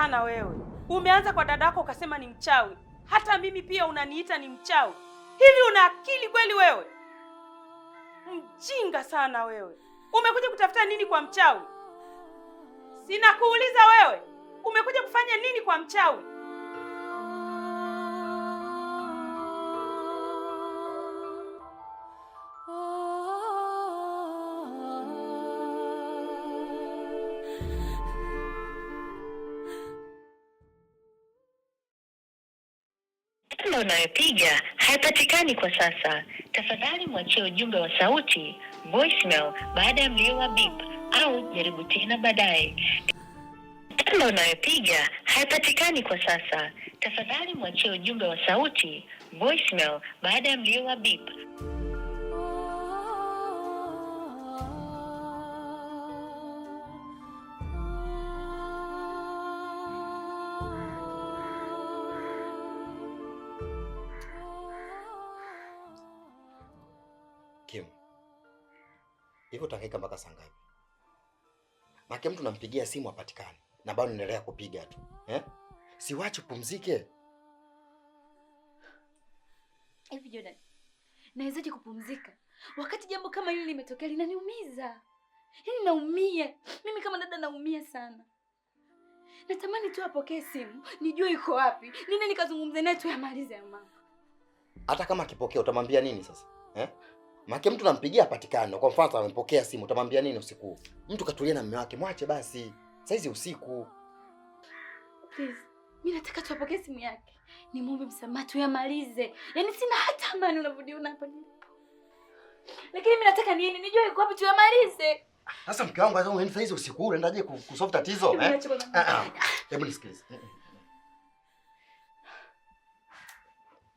sana wewe. Umeanza kwa dadako ukasema ni mchawi, hata mimi pia unaniita ni mchawi. Hivi una akili kweli wewe? Mjinga sana wewe, umekuja kutafuta nini kwa mchawi? Sinakuuliza wewe, umekuja kufanya nini kwa mchawi? namba unayopiga haipatikani kwa sasa. Tafadhali mwachie ujumbe wa sauti voicemail baada ya mlio wa bip au jaribu tena baadaye. Namba unayopiga haipatikani kwa sasa. Tafadhali mwachie ujumbe wa sauti voicemail baada ya mlio wa bip. Kim, hivyo utakaika mpaka saa ngapi? Make mtu nampigia simu hapatikani na bado naendelea kupiga tu eh? Siwache upumzike hivi Jordan, nawezaje kupumzika wakati jambo kama hili limetokea? Linaniumiza, yaani naumia mimi kama dada, naumia sana. Natamani tu apokee simu, nijue yuko wapi, nini nikazungumze naye tu, yamalize ya mama. Hata kama akipokea utamwambia nini sasa eh? Maana mtu nampigia patikano. Kwa mfano amepokea simu, utamwambia nini usiku? Mtu katulia na mume wake, mwache basi. Saizi usiku. Please, mimi nataka tuapokee simu yake. Ni muombe msamaha tu yamalize. Yaani sina hata amani unavyojiona hapa nilipo. Lakini mimi nataka nini? Nijue yuko wapi tu yamalize. Sasa mke wangu anasema mimi saizi usiku unaendaje kusolve tatizo eh? Ah, ah. Hebu nisikilize.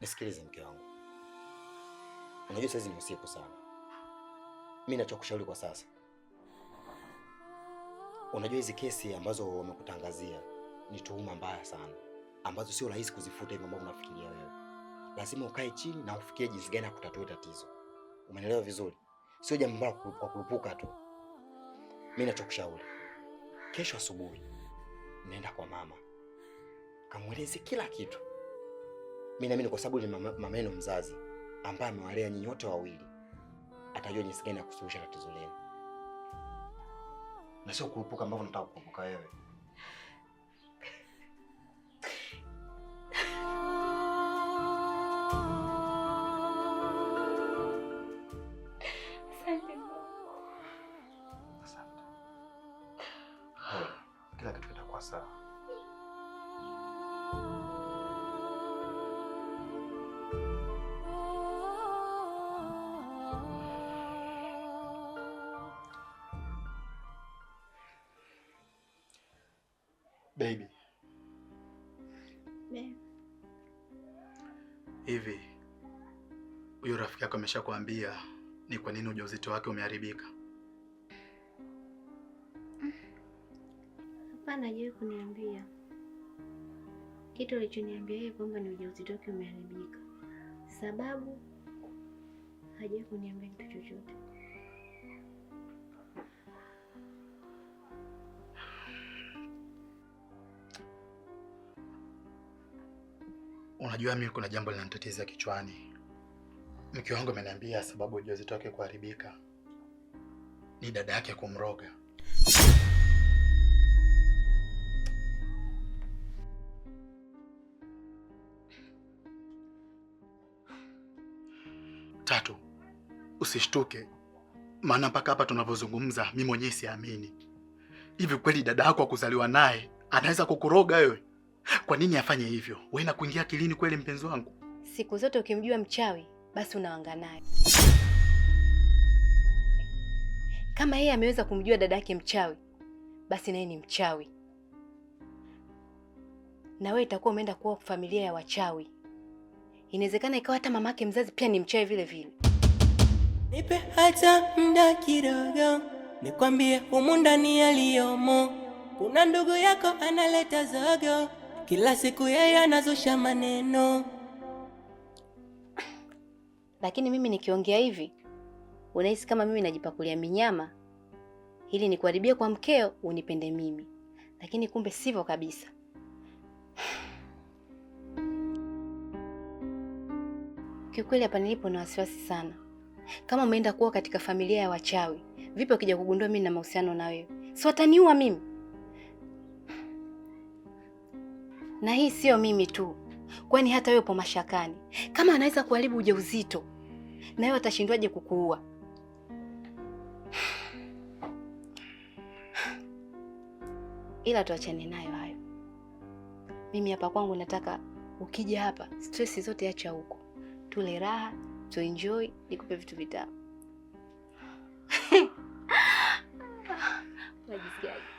Nisikilize mke wangu. Unajua saizi ni usiku sana. Mimi nachokushauri kwa sasa, unajua hizi kesi ambazo wamekutangazia ni tuhuma mbaya sana ambazo sio rahisi kuzifuta hivyo ambavyo unafikiria wewe. Lazima ukae chini na ufikirie jinsi gani ya kutatua tatizo. Umeelewa vizuri? Sio jambo la kulupuka tu. Mimi nachokushauri, kesho asubuhi nenda kwa mama, kamweleze kila kitu. Mimi naamini kwa sababu ni mama yenu mzazi ambaye amewalea nyinyi wote wawili atajua jinsi gani ya kusuluhisha tatizo lenu na sio kurupuka ambavyo nataka kukurupuka wewe. Baby. Hivi huyo rafiki yako ameshakwambia ni kwa nini ujauzito wake umeharibika? Hapana, hajawahi kuniambia kitu. Alichoniambia yeye kwamba ni ujauzito wake umeharibika, sababu hajawahi kuniambia kitu chochote. Unajua, mimi kuna jambo linanitatiza kichwani. Mke wangu ameniambia sababu ujauzito wake kuharibika ni dada yake kumroga. Tatu, usishtuke, maana mpaka hapa tunavyozungumza, mimi mwenyewe siamini. Hivi kweli dada yako akuzaliwa naye anaweza kukuroga wewe? Kwa nini afanye hivyo? Wewe na kuingia kilini kweli, mpenzi wangu. Siku zote ukimjua mchawi basi unaanga naye. Kama yeye ameweza kumjua dada yake mchawi, basi naye ni mchawi, na wewe itakuwa umeenda kuwa familia ya wachawi. Inawezekana ikawa hata mamake mzazi pia ni mchawi vile vile. Nipe hata mda kidogo, nikwambie humu ndani yaliyomo. Kuna ndugu yako analeta zogo kila siku yeye anazusha maneno, lakini mimi nikiongea hivi unahisi kama mimi najipakulia minyama, ili nikuharibia kwa mkeo unipende mimi, lakini kumbe sivyo kabisa. Kiukweli hapa nilipo na wasiwasi sana. Kama umeenda kuwa katika familia ya wachawi, vipi wakija kugundua mimi na mahusiano na wewe? Si wataniua mimi? Na hii siyo mimi tu, kwani hata wewe upo mashakani. Kama anaweza kuharibu ujauzito, na wewe atashindwaje kukuua? Ila tuachane nayo hayo. Mimi hapa kwangu nataka ukija hapa, stress zote acha huko, tule raha, tuenjoy, nikupe vitu vitamu. Unajisikiaje?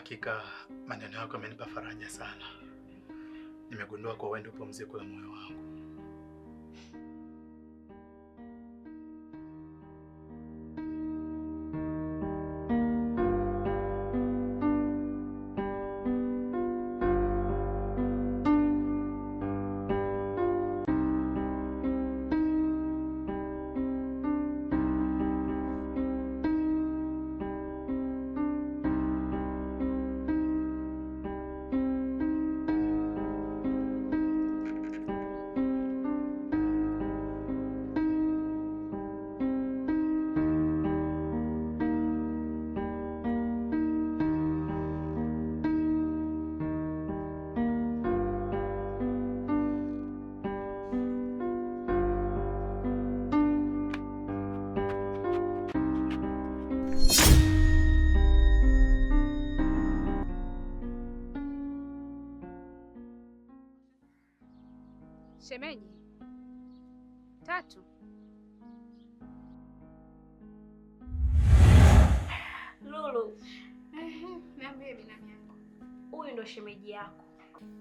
Hakika maneno yako yamenipa faraja sana. Nimegundua kwa wewe ndio pumziko la moyo wangu.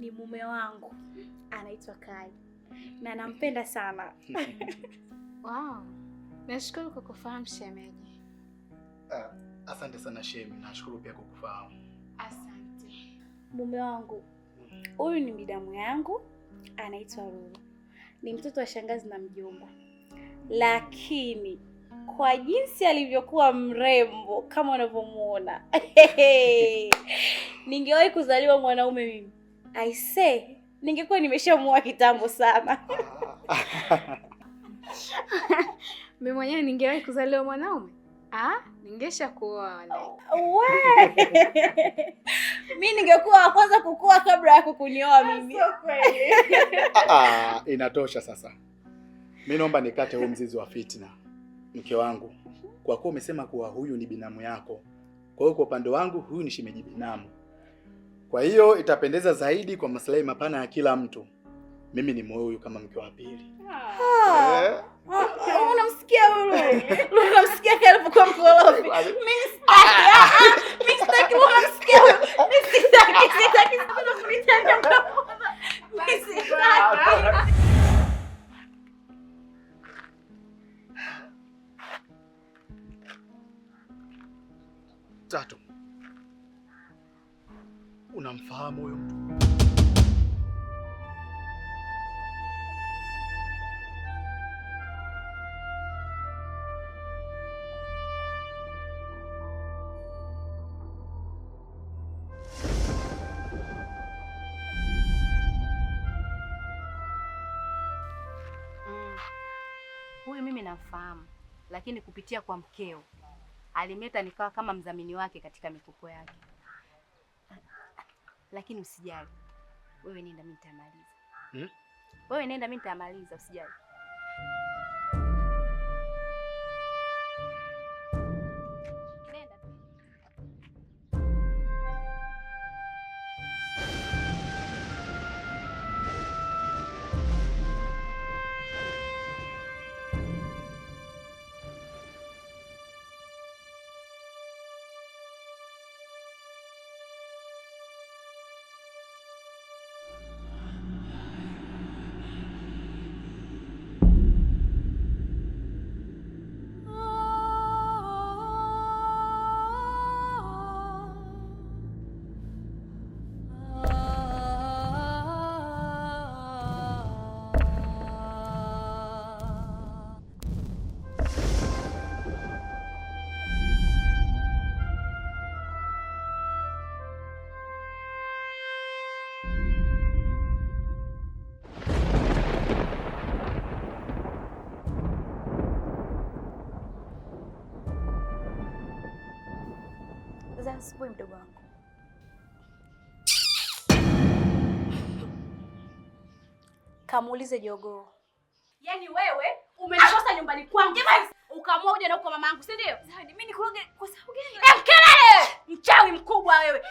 ni mume wangu anaitwa Kai na nampenda sana. Wow, nashukuru kwa kufahamu shemeji. Uh, asante sana shemi, nashukuru pia kwa kufahamu. Asante. Mume wangu huyu ni midamu yangu anaitwa Ruru, ni mtoto wa shangazi na mjomba, lakini kwa jinsi alivyokuwa mrembo kama unavyomwona ningewahi kuzaliwa mwanaume mimi. Aise, ningekuwa nimeshamuoa kitambo sana. Mimi mwenyewe ningewahi kuzaliwa mwanaume ningesha kuoa mi, ningekuwa wa kwanza kukua kabla ya kukunioa ah, mimi. Ah, ah, inatosha sasa. Mi naomba nikate huu mzizi wa fitna, mke wangu, kwa kuwa umesema kuwa huyu ni binamu yako. Kwa hiyo kwa upande wangu huyu ni shimeji binamu kwa hiyo itapendeza zaidi kwa maslahi mapana ya kila mtu. Mimi ni moyo huyu kama mke wa pili. Ah. Eh? Unamsikia Unamsikia kile alipokuwa mkorofi. Mimi sitaki. Ah, ah. Mimi sitaki unamsikia. Mimi sitaki, sitaki sana Mimi sitaki. Tatu unamfahamu huyo mtu? Mm. Huyu mimi namfahamu, lakini kupitia kwa mkeo alimeta nikawa kama mdhamini wake katika mikopo yake lakini usijali wewe, nenda mimi nitamaliza. Hmm? Wewe nenda mimi nitamaliza, usijali. asubuhi, mdogo wangu. Kamuulize jogoo. Yaani wewe umenikosa nyumbani kwangu ukaamua uje na uko mama yangu, si ndio? Mchawi mkubwa wewe.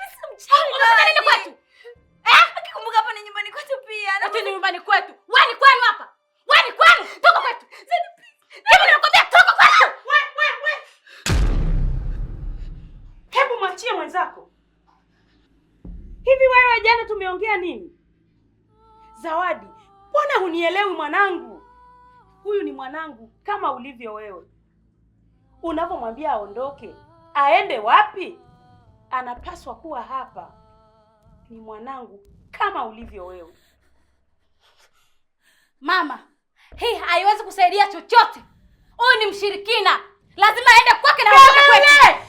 kumwambia aondoke, aende wapi? Anapaswa kuwa hapa. Ni mwanangu kama ulivyo wewe. Mama, hii haiwezi kusaidia chochote. Huyu ni mshirikina, lazima aende kwake na kwetu.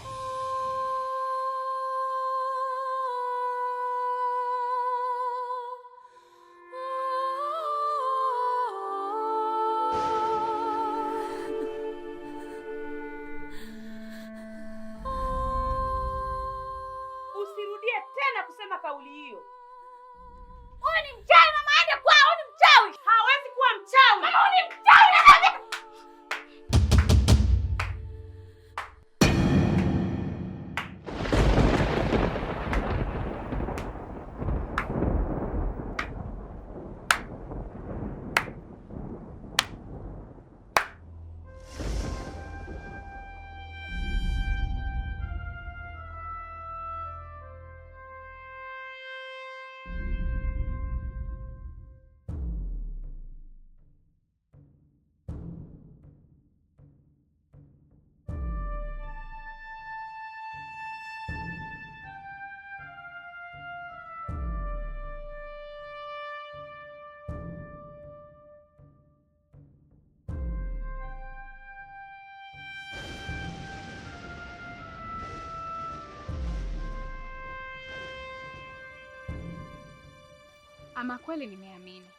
Ama kweli nimeamini,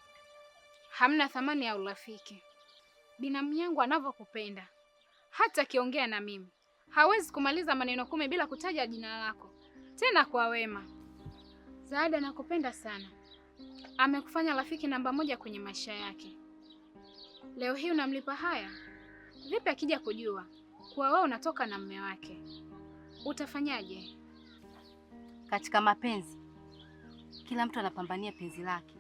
hamna thamani ya urafiki. Binamu yangu anavyokupenda, hata akiongea na mimi hawezi kumaliza maneno kumi bila kutaja jina lako, tena kwa wema. Zaada anakupenda sana, amekufanya rafiki namba moja kwenye maisha yake. Leo hii unamlipa haya? Vipi akija kujua kuwa wewe unatoka na mume wake, utafanyaje? Katika mapenzi kila mtu anapambania penzi lake.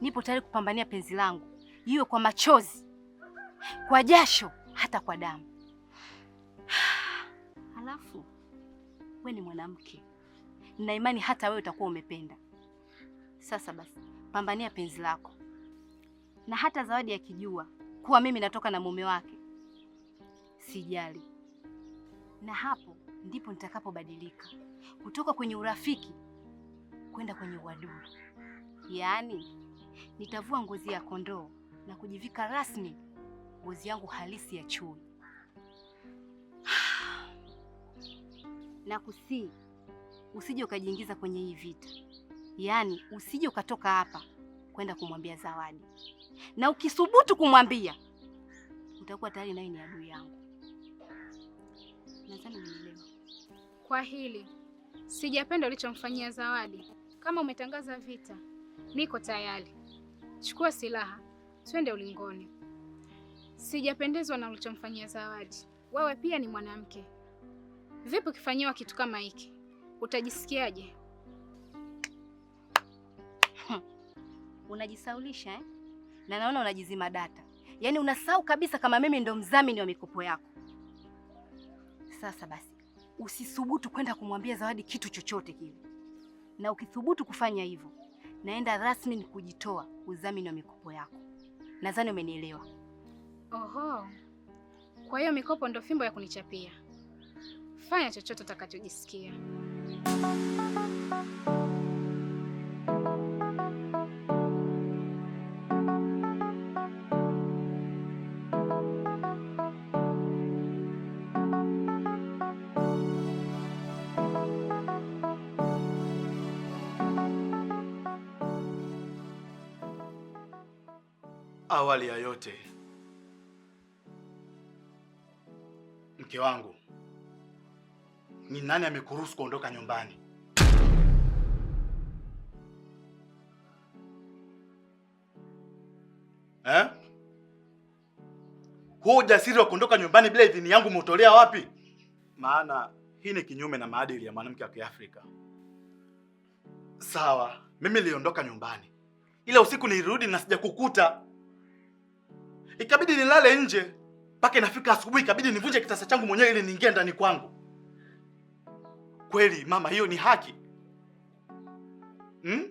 Nipo tayari kupambania penzi langu, iwe kwa machozi, kwa jasho, hata kwa damu. Halafu we ni mwanamke, nina imani hata wewe utakuwa umependa. Sasa basi, pambania penzi lako, na hata Zawadi akijua kuwa mimi natoka na mume wake, sijali, na hapo ndipo nitakapobadilika kutoka kwenye urafiki kwenda kwenye uadui, yaani nitavua ngozi ya kondoo na kujivika rasmi ngozi yangu halisi ya chui. na kusii usije ukajiingiza kwenye hii vita, yaani usije ukatoka hapa kwenda kumwambia Zawadi, na ukisubutu kumwambia utakuwa tayari naye ni adui yangu. Nadhani Kwa hili sijapenda ulichomfanyia Zawadi, kama umetangaza vita, niko tayari. Chukua silaha, twende ulingoni. Sijapendezwa na ulichomfanyia Zawadi. Wewe pia ni mwanamke, vipi ukifanyiwa kitu kama hiki? Utajisikiaje? Unajisaulisha eh? Na naona unajizima data, yaani unasahau kabisa kama mimi ndo mdhamini wa mikopo yako. Sasa basi, usisubutu kwenda kumwambia Zawadi kitu chochote kile na ukithubutu kufanya hivyo, naenda rasmi ni kujitoa udhamini wa mikopo yako. Nadhani umenielewa. Oho, kwa hiyo mikopo ndo fimbo ya kunichapia. Fanya chochote utakachojisikia. Awali ya yote, mke wangu, ni nani amekuruhusu kuondoka nyumbani? Eh? Huo ujasiri wa kuondoka nyumbani bila idhini yangu umetolea wapi? Maana hii ni kinyume na maadili ya mwanamke wa Kiafrika. Sawa, mimi niliondoka nyumbani, ila usiku nilirudi na sijakukuta ikabidi nilale nje mpaka inafika asubuhi, ikabidi nivunje kitasa changu mwenyewe ili niingie ndani kwangu. Kweli mama, hiyo ni haki hmm?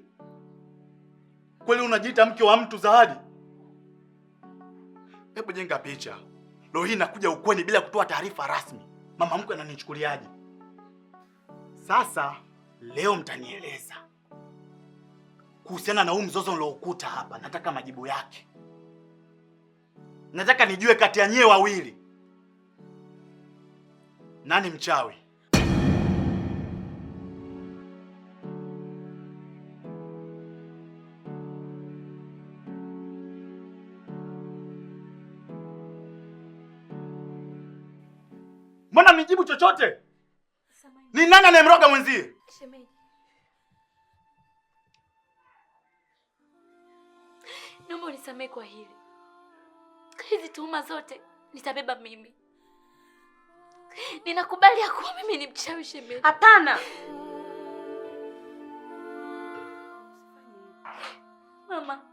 Kweli unajiita mke wa mtu Zawadi? Hebu jenga picha. Leo hii nakuja ukweni bila kutoa taarifa rasmi, mama mkwe ananichukuliaje? Sasa leo mtanieleza kuhusiana na huu mzozo niliokuta hapa, nataka majibu yake nataka nijue kati ya nyie wawili nani mchawi. Mbona mnijibu chochote? Ni nani anayemroga mwenzie? naomba unisamehe kwa hili hizi tuhuma zote nitabeba mimi. Ninakubali ya kuwa mimi ni mchawi shemeji. Hapana mama,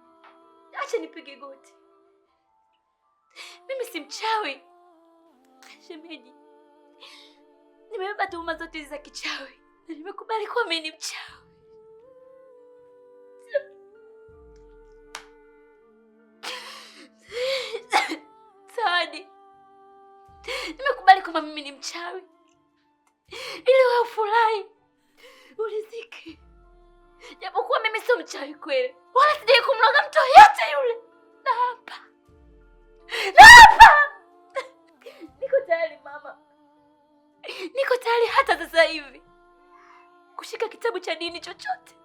acha nipige goti. Mimi si mchawi shemeji, nimebeba tuhuma zote hizi za kichawi na nimekubali kuwa mimi ni mchawi. kwamba mimi ni mchawi ili wewe ufurahi uliziki, japokuwa mimi sio mchawi kweli, wala sijai kumloga mtu yote yule. Naapa, naapa, niko tayari mama, niko tayari hata sasa hivi kushika kitabu cha dini chochote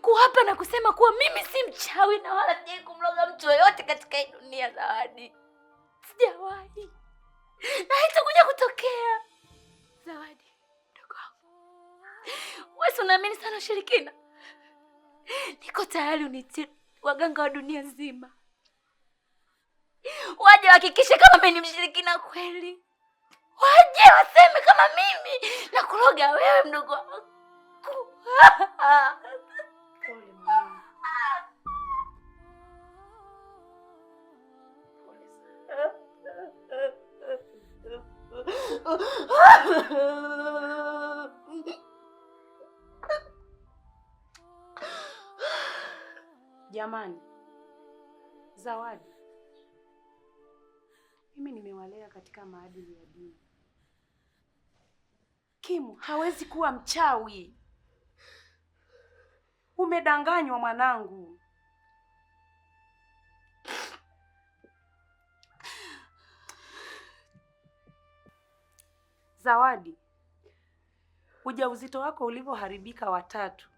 kuapa na kusema kuwa mimi si mchawi na wala sijai kumloga mtu yoyote katika dunia. Zawadi, sijawahi na haitakuja kutokea. Zawadi mdogo wangu, wewe unaamini sana ushirikina. Niko tayari unitie waganga wa dunia nzima waje wahakikishe kama mimi ni mshirikina kweli, waje waseme kama mimi na kuroga wewe mdogo wangu Jamani, Zawadi, mimi nimewalea katika maadili ya dini. Kimu hawezi kuwa mchawi. Umedanganywa mwanangu. Zawadi, ujauzito wako ulivyoharibika watatu,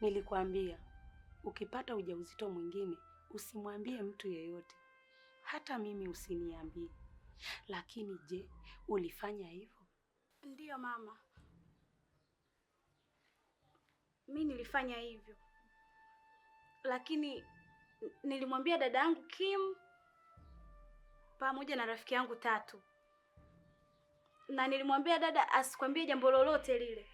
nilikwambia ukipata ujauzito mwingine usimwambie mtu yeyote, hata mimi usiniambie. Lakini je, ulifanya hivyo? Ndiyo mama, mi nilifanya hivyo, lakini nilimwambia dada yangu Kim pamoja na rafiki yangu Tatu na nilimwambia dada asikwambie jambo lolote lile,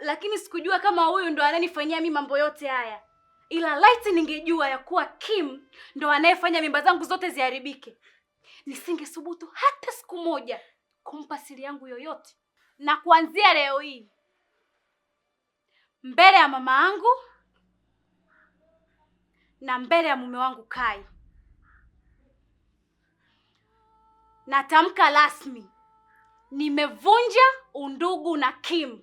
lakini sikujua kama huyu ndo ananifanyia mimi mambo yote haya, ila laiti ningejua ya kuwa Kim ndo anayefanya mimba zangu zote ziharibike, nisingesubutu hata siku moja kumpa siri yangu yoyote. Na kuanzia leo hii, mbele ya mama yangu na mbele ya mume wangu Kai, natamka rasmi nimevunja undugu na Kim.